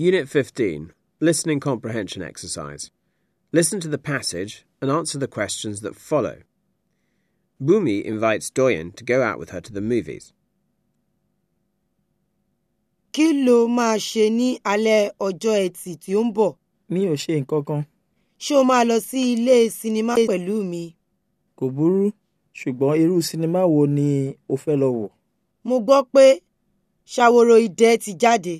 Unit 15 Listening Comprehension Exercise. Listen to the passage and answer the questions that follow. Bumi invites Doyen to go out with her to the movies. Kí ló máa ṣe ní alẹ́ ọjọ́ ẹtì tí ó ń bọ̀? Mi ò ṣe nǹkan kan. Ṣé o máa lọ sí ilé sinimá pẹ̀lú mi? Kò burú, ṣùgbọ́n irú sinimá wo ni o fẹ́ lọ wò? Mo gbọ́ pé Ṣàwòrò Idẹ ti jáde.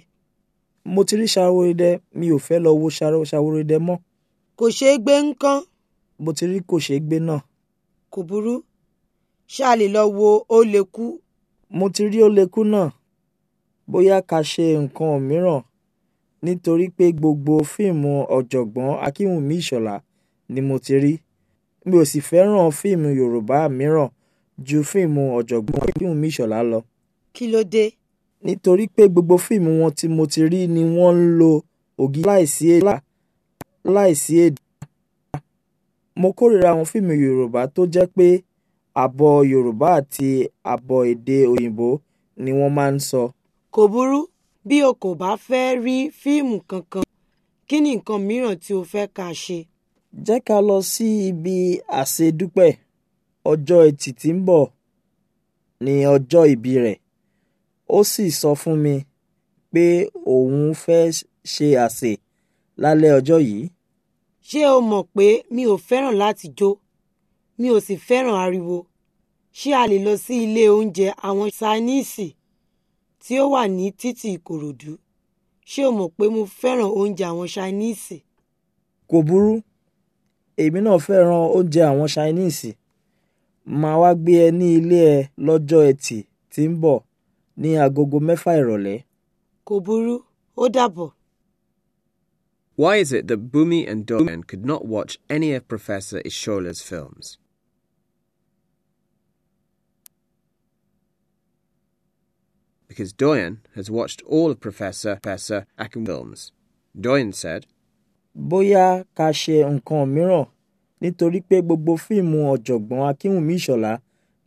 mo ti rí ṣàwòrìdẹ mi ò fẹ́ lọ wo ṣàwòrìdẹ mọ́. kò ṣeé gbé ńkọ́. mo ti rí kò ṣeé gbé náà. kò burú ṣáà lè lọ wo ó lè kú. mo ti rí ó lè kú náà bóyá ká ṣe nǹkan mìíràn nítorí pé gbogbo fíìmù ọ̀jọ̀gbọ́n akínwùmí ìṣọ̀lá ni mo ti rí mi ò sì fẹ́ràn fíìmù yorùbá mìíràn ju fíìmù ọ̀jọ̀gbọ́n akínwùmí ìṣọ̀lá lọ. kí ló dé Nítorí pé gbogbo fíìmù wọn tí mo ti rí ni wọ́n ńlo ògìdì láìsí èdè. Mo kórìíra àwọn fíìmù Yorùbá tójẹ́pé ààbọ̀ Yorùbá àti ààbọ̀ èdè Òyìnbó ni wọ́n máa ńsọ. Kò burú, bí o kò bá fẹ́ rí fíìmù kankan, kí ni nǹkan mìíràn tí o fẹ́ ká ṣe? Jẹ́ ká lọ sí ibi àsedúpẹ́. Ọjọ́ Ẹtì tí ń bọ̀ ni ọjọ́ ìbí rẹ̀ ó sì sọ fún mi pé òun fẹ́ ṣe àsè lálẹ́ ọjọ́ yìí. ṣé o mọ̀ pé mi ò fẹ́ràn láti jó mi ò sì fẹ́ràn ariwo ṣé a lè lọ sí ilé oúnjẹ àwọn ṣainíìsì tí ó wà ní títì ìkòròdú ṣé o mọ̀ pé mo fẹ́ràn oúnjẹ àwọn ṣainíìsì. kò burú èmi náà fẹ́ràn oúnjẹ àwọn ṣainíìsì màá wá gbé ẹ ní ilé ẹ lọ́jọ́ ẹtì tí ń bọ̀ ní agogo mẹ́fà ìrọ̀lẹ́. Kò burú, ó dàbọ̀. Why is it that Bumi and Dogen could not watch any of Professor Ishola's films? Because Doyen has watched all of Professor Professor Akin films. Doyen said, Bóyá ká ṣe nǹkan mìíràn nítorí pé gbogbo fíìmù ọ̀jọ̀gbọ́n Akínwùmí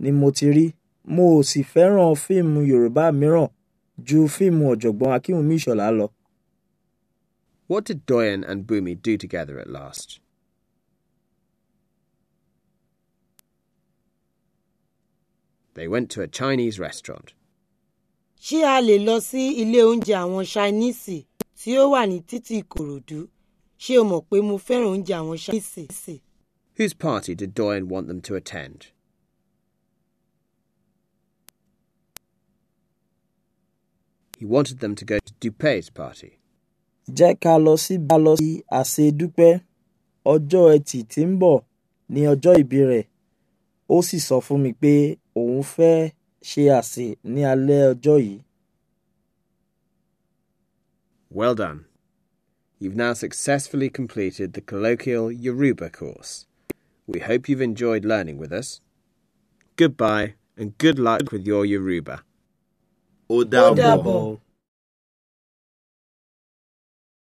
ni mo ti rí mo ò sì fẹ́ràn fíìmù Yorùbá mìíràn ju fíìmù ọ̀jọ̀gbọ́n Akínwùmí Ìṣọ̀lá lọ. What did Doyen and Bumi do together at last? They went to a Chinese restaurant. Ṣé a lè lọ sí ilé oúnjẹ àwọn Chinese tí ó wà ní títì Ìkòròdú? Ṣé o mọ̀ pé mo fẹ́ràn oúnjẹ àwọn Chinese? Whose party did Doyen want them to attend? He wanted them to go to Dupé's party. Jẹ́ ká lọ sí ọjọ́ ẹtì tí ń bọ̀ ní ọjọ́ ìbí rẹ̀. Ó sì sọ fún mi pé òun fẹ́ ṣe àsè ní alẹ́ ọjọ́ yìí. Well done. You've now successfully completed the colloquial Yoruba course. We hope you've enjoyed learning with us. Goodbye and good luck with your Yoruba ó double.